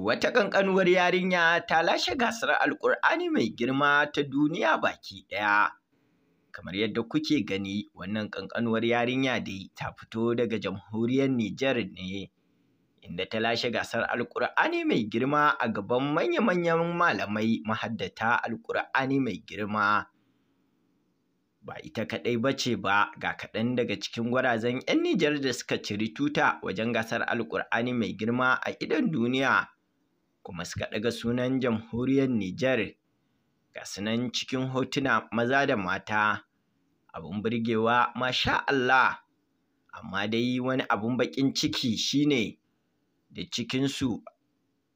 Wata ƙanƙanuwar yarinya ta lashe gasar Alƙur'ani mai girma ta duniya baki ɗaya. Kamar yadda kuke gani, wannan ƙanƙanuwar yarinya dai ta fito daga jamhuriyar Nijar ne, inda ta lashe gasar Alƙur'ani mai girma a gaban manya-manyan malamai mahaddata Alƙur'ani mai girma. ba ita kaɗai ba ce ba ga kaɗan daga cikin gwarazan 'yan Nijar da suka ciri tuta wajen gasar Alƙur'ani mai girma a idon duniya kuma suka ɗaga sunan jamhuriyar Nijar ga sunan cikin hotuna maza da mata abun burgewa masha Allah amma dai wani abun baƙin ciki shine da cikinsu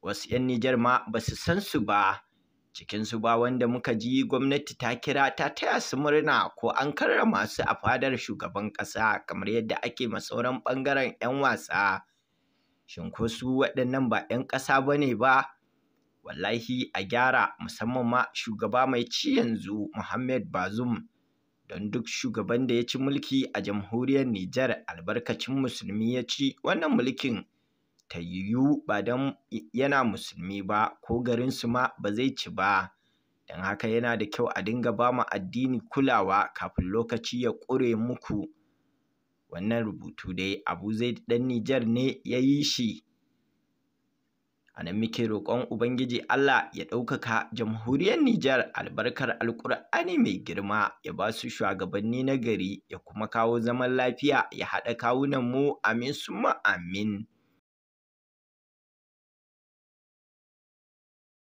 wasu 'yan Nijar ma ba su san su ba cikinsu ba wanda muka ji gwamnati ta kira ta taya su murna ko an karrama su a fadar shugaban ƙasa kamar yadda ake ma sauran ɓangaren 'yan wasa shin ko su waɗannan ba 'yan ƙasa ba ne ba wallahi a gyara musamman ma shugaba mai ci yanzu Muhammad Bazoum don duk shugaban da ya ci mulki a jamhuriyar Nijar albarkacin musulmi ya ci wannan mulkin ta yiwu ba don yana musulmi ba ko garinsu ma ba zai ci ba don haka yana da kyau a dinga ba mu addini kulawa kafin lokaci ya ƙure muku. wannan rubutu dai abu zai ɗan nijar ne ya yi shi a nan muke roƙon ubangiji allah ya ɗaukaka jamhuriyar nijar albarkar alƙur'ani mai girma ya ba su shugabanni nagari, ya kuma kawo zaman lafiya ya haɗa kawunan mu amin summa amin